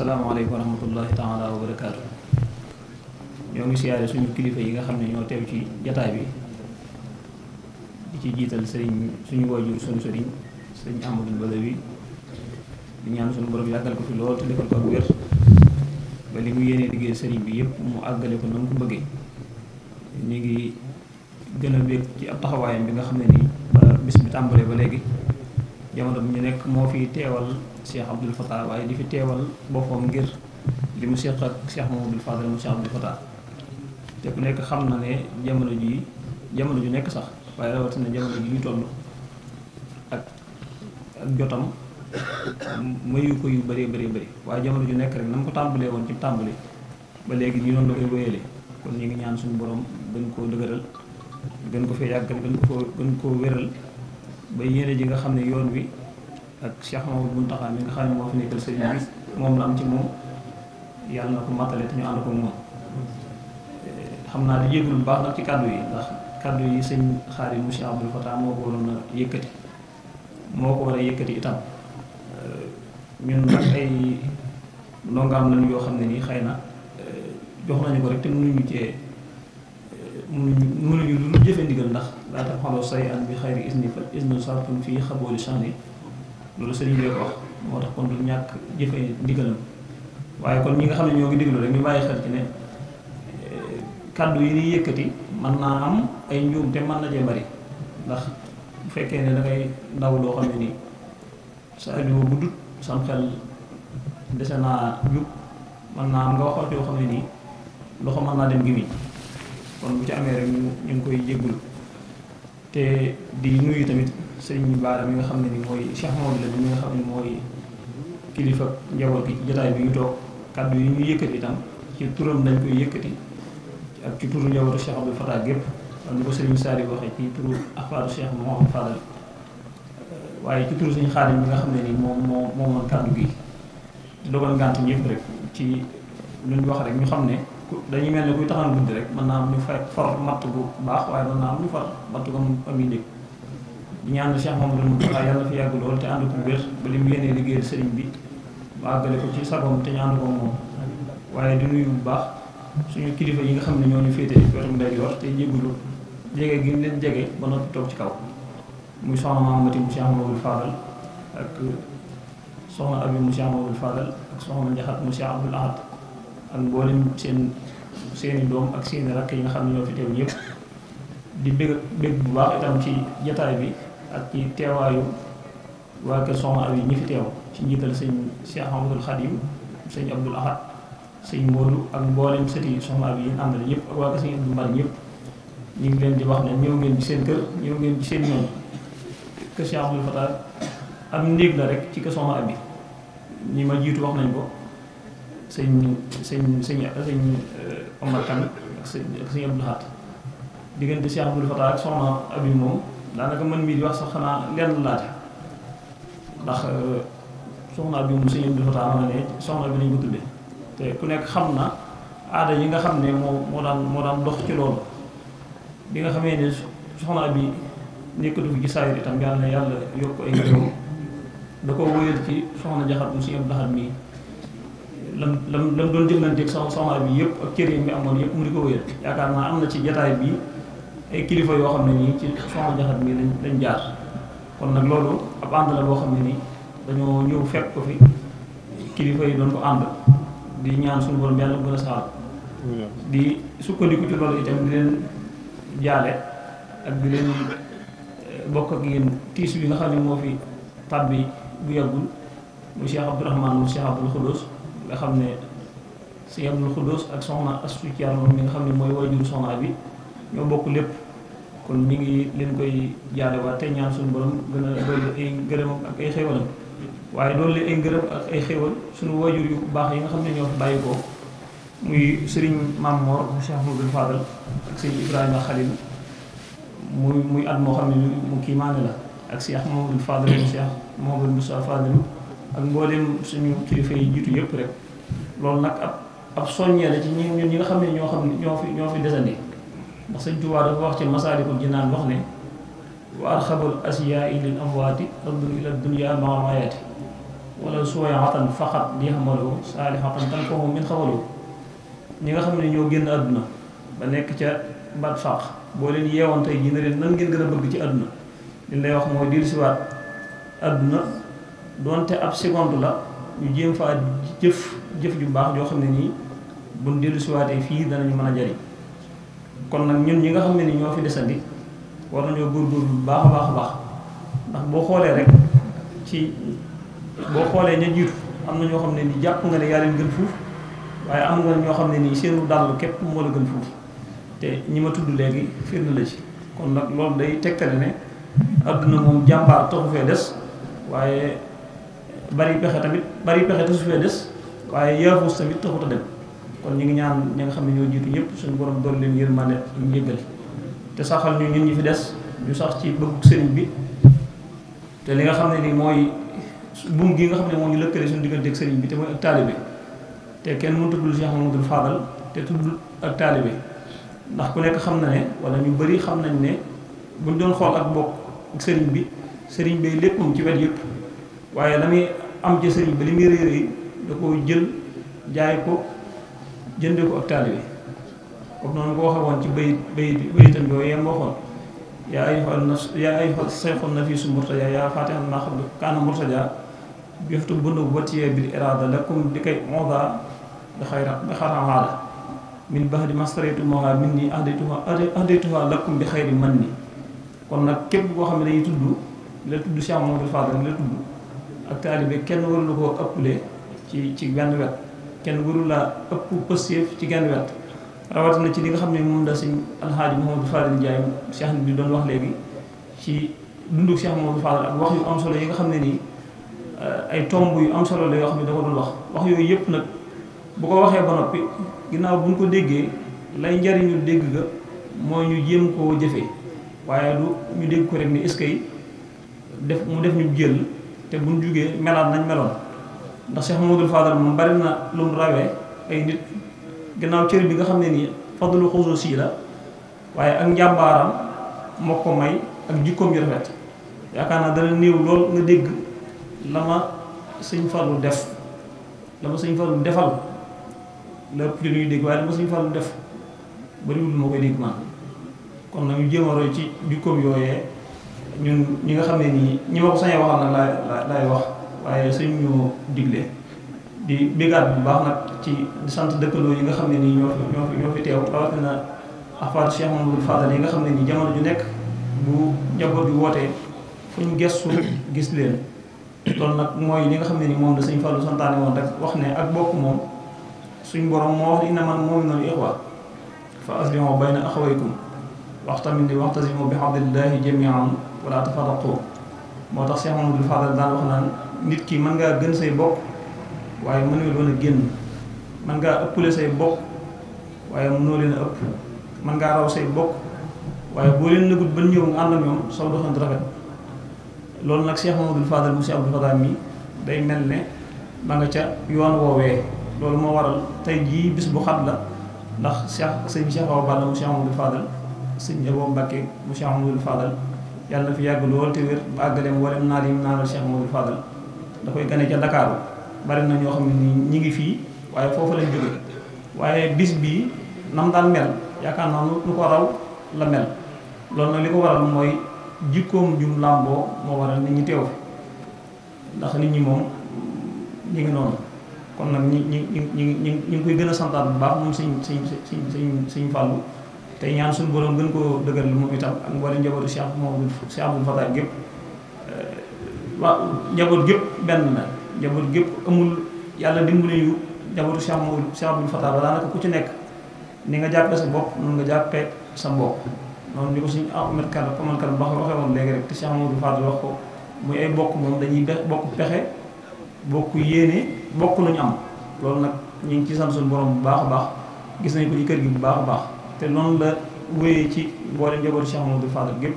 asalaamaaleykum wa rahmatullahi taala wa barakaatu ñoo ngi siyaare suñu kilifa yi nga xam ne ñoo teew ci jataay bi di ci jiital sëriñ suñu waajur suñu sëriñ sëriñ Amadou Badawi di ñaan suñu borom yàggal ko lool te li mu yéene liggéey sëriñ bi yépp mu àggale ko na mu ko bëggee ñu ngi gën a bég ci ab taxawaayam bi nga xam ne nii ba bis bi tàmbalee ba léegi jamono bi ñu nekk moo fi teewal Cheikh Abdoul Fatah waaye di fi teewal boppam ngir li mu seq ak Cheikh Mouhamadoul Fadal mu Cheikh Abdoul te ku nekk xam na ne jamono ji jamono ju nekk sax waaye rawatina jamono ji ñu toll ak ak jotam mayu ko yu bëree bëri bëri waaye jamono ju nekk rek na mu ko tàmbalee woon ci tàmbali ba léegi ñu noonu la koy wéyale kon ñu ngi ñaan suñu boroom gën koo dëgëral gën ko fee yàggal gën ko gën koo wéral ba yéene ji nga xam ne yoon wi ak Cheikh Mamadou Mountakha mi nga xam ne moo fi nekkal sëriñ bi moom la am ci moom yàlla na ko matale te ñu ànd ko moom xam naa di yëgul bu baax nag ci kàddu yi ndax kàddu yi sëñ xaar yi mu yëkkati moo ko itam ñun nag yoo xam ne nii xëy na jox nañu ko rek te mënuñu cee mënuñu mënuñu lu jëfe ndigal ndax laa tam xaloo say an bi xayri isni fa isnu sartun fii xabooli channi loolu sëriñ bi ko wax moo tax kon du ñàkk jëfe ndigalam waaye kon ñi nga xam ne ñoo ngi diglu rek ñu bàyyi xel ci ne eh, kàddu yi ñuy yëkkati mën naa am ay njuum te mën na cee bari ndax bu fekkee ne da ndaw loo xam ne nii sa aliwo bu dut sam xel dese naa jub mën naa am nga waxoot yoo xam ne nii loxo mën naa dem gi kon bu ci amee rek ñu ñu koy jéggul te di nuyu tamit sëriñ Baara mi nga xam ne ni mooy Cheikh Maodo la mooy kilifa njaboot gi jotaay bi ñu toog kàddu yi ñu yëkkati itam ko sëriñ Saari waxee ci turu afaaru Cheikh Mouhamed Fadal waaye ci turu nga xam ne ni moom moo kàddu gi dogal ngànt ñëpp rek ci luñ wax rek ñu xam ne dañuy mel ne kuy taxan guddi rek mën naa am ñu fay for matt bu baax waaye mën naa am ñu for matt ko mu am yi dégg di ñaan Cheikh Mamadou Moustapha yàlla fi yàgg lool te ànd ko wér ba li mu yéenee liggéeyal sëriñ bi mu àggale ko ci sagoom te ñu ànd ko moom waaye di nuyu bu baax suñu kilifa yi nga xam ne ñoo ñu féete wetum day yor te jéggulu jege gi ñu leen jege ba noppi toog ci kaw muy soxna Maamati mu Cheikh Mamadou Fadal ak soxna Abi mu Cheikh Mamadou Fadal ak soxna Njaxat mu Cheikh Abdoul Ahad ak mboolem seen seeni doom ak seeni rakk yi nga xam ne ñoo fi teew yëpp di bég bég bu baax itam ci jataay bi ak ci teewaayu waa kër soxna ab yi ñi fi teew ci njiital sëñ Cheikh Amadou Khadim sëñ Abdoul Ahad sëñ Modou ak mboolem sëti soxna ab yi àndal yëpp ak waa kër sëñ Abdou Mbar yëpp ñu ngi leen di wax ne ñëw ngeen ci seen kër ñëw ngeen ci seen ñoom kër Cheikh Amadou Fatah am ndéeg la rek ci kër soxna ab yi ñi ma jiitu wax nañ ko sëñ sëñ sëñ sëñ Omar Kan ak sëñ sëñ Abdou Lahat diggante Cheikh Abdou Fatah ak soxna Abi moom daanaka man mii di wax sax xanaa lenn laaj ndax soxna Abi moom sëñ Abdou Fatah ma ne bi nañ ko te ku nekk xam na aada yi nga xam ne moo moo daan moo daan dox ci loolu bi nga xamee ne soxna Abi nekkatu fi ci saa itam yàlla yàlla yokk ay ngërëm da ko wóyal ci soxna Jaxate mu sëñ Abdou Lahat mii lam lam lam doon jëflanteeg sox soxna bi yëpp ak cër yi mu amoon yëpp di ko wéyal yaakaar naa am na ci jataay bi ay kilifa yoo xam ne nii ci soxna jaxat mi lañ lañ jaar kon nag loolu ab ànd la loo xam ne nii dañoo ñëw fekk ko fi kilifa yi doon ko ànd di ñaan suñu borom yàlla gën a saal di sukkandiku ci loolu itam di leen jaale ak di leen eh, bokk ak yéen tiis bi nga xam ne moo fi tab bi bu yàggul mu Cheikh Abdourahmane mu Cheikh Abdoul Khoudous nga xam ne sëñ Abdul Xudus ak soxna Astu Thierno mi nga xam ne mooy waajur soxna bi ñoo bokk lépp kon ñu ngi leen koy jaalewaat te ñaan suñu borom gën a ak ay xéwalam waaye dolli ay ngërëm ak ay suñu waajur yu baax yi nga xam ne ñoo fi bàyyi ko muy sëriñ Maam Mor mu Cheikh Mouhamadoul Fadal ak sëñ Ibrahima Khalil muy muy at moo xam ne mu kii maane la ak Cheikh Mouhamadoul Fadal mu Cheikh Mouhamadoul Moussa Fadal ak mboolem suñu kilifa yi jiitu yëpp rek loolu nag ab ab soññee la ci ñi ñun ñi nga xam ne ñoo xam ne ñoo fi ñoo fi desandi ndax sëñ Tuubaa dafa wax ci Masaalikul Jinaan wax ne wa arxabul asiyaa lil amwaati raddun ila dunya maa mayaati wala suwayaatan faqat li xamaloo saalihatan tan foofu min xamaloo ñi nga xam ne ñoo génn àdduna ba nekk ca bat faq boo leen yeewoon tey jii na leen nan gën a bëgg ci àdduna li lay wax mooy dellusiwaat àdduna doonte ab seconde la ñu jéem faa jëf jëf ju baax joo xam ne nii buñ dellu siwaatee fii danañu mën a jariñ kon nag ñun ñi nga xam ne ni ñoo fi bi war nañoo góorgóorlu bu baax a baax a baax ndax boo xoolee rek ci boo xoolee ña jiitu am na ñoo xam ne ni jàpp nga ne yaa leen gën fuuf waaye am nga ñoo xam ne nii seenu dàll képp moo la gën fuuf te ñi ma tudd léegi firnde la ci kon nag loolu day tegtale ne adduna moom jàmbaar taxu fee des waaye bari pexe tamit bari pexe te su fee des waaye yaafus tamit taxut a dem kon ñu ngi ñaan ñi nga xam ne ñoo jiitu ñëpp suñu borom doon leen yërmande ak njëggal te saxal ñu ñun ñi fi des ñu sax ci bëggu sëriñ bi te li nga xam ne ni mooy buum gi nga xam ne moo ñu lëkkale suñu diggante ak sëriñ bi te mooy ak taalibe te kenn mënut a tuddul Cheikh Mamadou Fadal te tuddul ak taalibe ndax ku nekk xam na ne wala ñu bëri xam nañ ne buñ doon xool ak bokk sëriñ bi sëriñ bi léppam ci wet yëpp. waaye la muy am ci sëriñ bi li muy rëy rëy da koo jël jaay ko jënde ko ak taalibe comme noonu ko waxee woon ci bay bay bayitam bi yem waxoon yaa ayyuhal nas yaa ayyuhal sayxun nafiisu murtajaa yaa faatihal maa qabla kaana murtajaa biftu bunu watiye bil iraada lakum di kay mooda da xayra da xaraamaada min ba'di maa saraytumuuhaa minnii ahdaytuhaa ahdaytuhaa lakum bi xayri man ni kon nag képp koo xam ne dañuy tudd la tudd Cheikh Mamadou ak taalibe kenn warul la ëpp ëppale ci ci benn kenn warul laa ëpp pësteef ci genn wet rawatina ci li nga xam ne moom da si alxaaji Mouhamadou Fadil Ndiaye Cheikh ni di doon wax léegi ci dundu Cheikh Mouhamadou Fadil ak wax yu am solo yi nga xam ne nii eh, ay tomb yu am solo la yoo xam ne da ko doon wax yooyu yëpp nag bu ko waxee ba noppi ginnaaw bu ñu ko déggee lay njariñu dégg ga mooy ñu jéem koo jëfee waaye du ñu dégg ko rek ni est-ce def mu def ñu jël te buñ jógee melaat nañ meloon ndax Cheikh Mamadou Fadal moom bari na lu mu rawee ay nit gannaaw cër bi nga xam ne nii fadlu xusuusi la waaye ak njàmbaaram moo ko may ak jikkoom yu rafet yaakaar naa dana néew lool nga dégg la ma sëñ Fallou def la ma sëñ Fallou defal la ëpp li ñuy dégg waaye la ma sëñ Fallou def bariwul ma koy dégg man kon nag ñu jéem roy ci jikkoom yooyee ñun ñi nga xam ne nii ñi ma ko sañee waxal nag laay laay wax waaye suñu ñu digle di bégaat bu baax nag ci di sant dëkkandoo yi nga xam ne nii ñoo fi ñoo fi teew rawatina afaat yi nga xam ne nii jamono ju nekk bu njaboot bi wootee ñu gestu gis leen loolu nag mooy li nga xam ne ni moom da sëñ Fallou santaane woon rek wax ne ak bokk moom suñu borom moo wax innamal mu'minuuna ixwa fa aslihu bayna axawaykum wax tamit ne wa'tasimu bi hablillahi jamii'an wala tafarraqu moo tax Cheikh Mamadou Fadal daal wax naan nit kii mën ngaa gën say bokk waaye mënul woon a génn ngaa ëppale say bokk waaye mënoo leen a ëpp mën ngaa raw say bokk waaye boo leen nëgut ba ñëw nga ànd ak ñoom saw doxant rafet loolu nag Cheikh Mamadou Fadal mu Cheikh Abdou mi day mel ne ma nga ca yoon woowee loolu moo waral tey jii bis boo xat la ndax Cheikh sëñ Cheikh Awa Balla mu Cheikh Mamadou Fadal sëñ Abo Mbacke yàlla na fi yàgg lool te wér ba àggale mboolem naal yi mu naanal Cheikh Modou Fadal da koy gane ca Ndakaaru bari na ñoo xam ne ñi ngi fii waaye foofu lañ jóge waaye bis bii nam daan mel yaakaar naa nu ko raw la mel loolu nag li ko waral mooy jikkoom jum làmboo moo waral nit ñi teew ndax nit ñi moom ñu ngi noonu kon nag ñi ñi ñi ñi ñi ngi koy gën a santaat bu baax moom sëñ sëñ sëñ sëñ sëñ Fallou tey ñaan suñu boroom gën koo dëgëral moom itam ak mboolem njabootu Cheikh moom Cheikh Abdou Fatah gépp euh, waaw njaboot gépp benn la njaboot gépp amul yàlla dimbali yu njabootu Cheikh moom Cheikh Abdou Fatah ku ci nekk ni nga sa bopp nga jàppee sa mbokk noonu ni ko suñu ah Ahmed wax woon léegi te Cheikh Abdou Fatah wax ko muy ay bokk moom dañuy bokk pexe bokk yéene bokk lu ñu am loolu nag ñu ngi ci sant suñu borom bu baax a baax gis nañ ko ci kër gi bu baax a baax te noonu la wéyee ci mboolem njabootu Cheikh Amadou Fadal gépp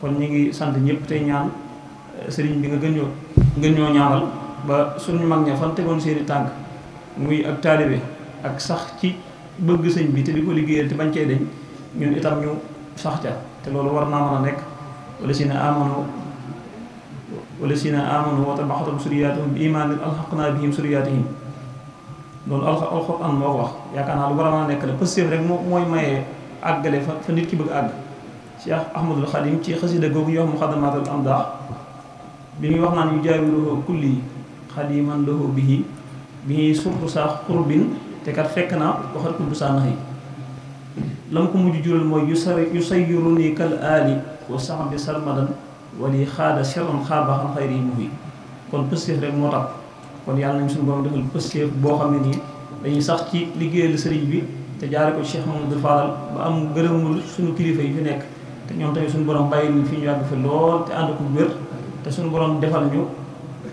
kon ñu ngi sant ñëpp tey ñaan eh, sëriñ bi nga gën ñoo gën ñoo ñaanal ba suñu mag ña fan tegoon seeni tànk muy ak taalibe ak sax ci bëgg sëñ bi te di ko liggéeyal te bañ cee deñ ñun itam ñu sax ca te loolu war naa mën a nekk wala si ne amano wala si ne amano wa tabaxatum suriyaatihim bi imaanin alxaqnaa bihim suriyaatihim loolu alxuraan moo ko wax yaakaar naa lu war a mën a nekk la positif rek moo mooy mayee àggale fa fa nit ki bëgg àgg Cheikh Ahmadul Xadim ci xasida googu ñuy wax muxadamatul amdaax bi muy wax naan yu jaawiruhu kulli xadiman lahu bihi bi ñuy surtu sa xurbin te kat fekk naa waxat kudd saa nax yi la mu ko mujj jural mooy yu sar yu sayyiru nii kal aali wa sax bi sarmadan wali xaada seron xaabaxan xayri yi kon positif rek moo tax kon yàlla nañ suñu borom defal pëstéef boo xam ne nii dañuy sax ci liggéeyal sëriñ bi te jaare ko Cheikh Mamadou Fadal ba am gërëmul suñu kilifa yi fi nekk te ñoom tamit suñu borom bàyyi ñu fi ñu yàgg fi lool te ànd ku wér te suñu borom defal ñu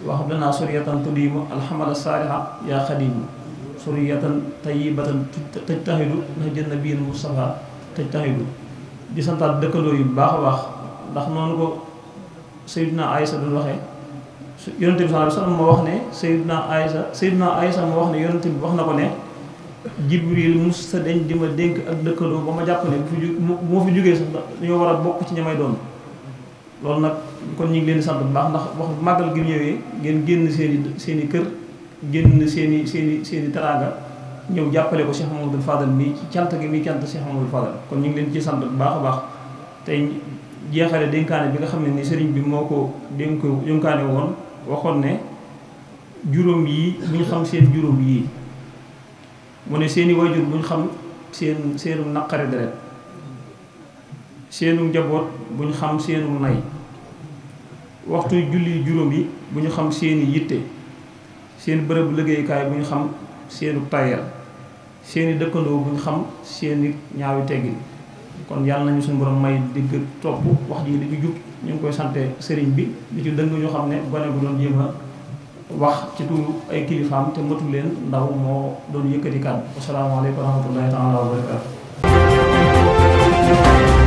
wax danaa suriyatan tudiimu alhamala saaliha yaa xadimu suriyatan tayyibatan tëj taxidu ndax jënn biin Moustapha tëj taxidu di santaat dëkkandoo yu baax a baax ndax noonu ko Seydina Aysa doon yonente bi sallallahu alayhi wasallam moo wax ne Sayyiduna Aïsa Sayyiduna sa moo wax ne yonente bi wax na ko ne Jibril mus sa deñ di ma dénk ak dëkkandoo ba ma jàpp ne bu fi ju moo fi jógee war a bokk ci ñamay doon loolu nag kon ñu ngi leen sant bu baax ndax wax màggal gi ñëwee ngeen génn seeni seeni kër génn seeni seeni seeni teraanga ñëw jàppale ko Cheikh Mamadou Fadal mi ci cant gi mi cant Cheikh Mamadou Fadal kon ñu ngi leen ci sant bu baax a baax tey jeexale dénkaane bi nga xam ne ni sëriñ bi moo ko dénk yonkaane woon waxoon ne juróom yi buñ xam seen juróom yii mu ne seeni wayjur buñ xam seen seenum naqari deret seenu njaboot buñ xam seenum nay waxtu julli juróom yi bu ñu xam seeni yitte seen bërëb liggéeyukaay bu ñu xam seenu tayal seeni dëkkandoo bu ñu xam seeni ñaawi teggin kon yàlla nañu suñ borom may digg topp wax ji li ci jub ñu ngi koy sante sëriñ bi li ci dëng ñu xam ne gone bu doon jéem wax ci tuuru ay kilifaam te matul leen ndaw moo doon yëkkati kan asalaamaaleykum wa rahmatullahi taala wa barakatu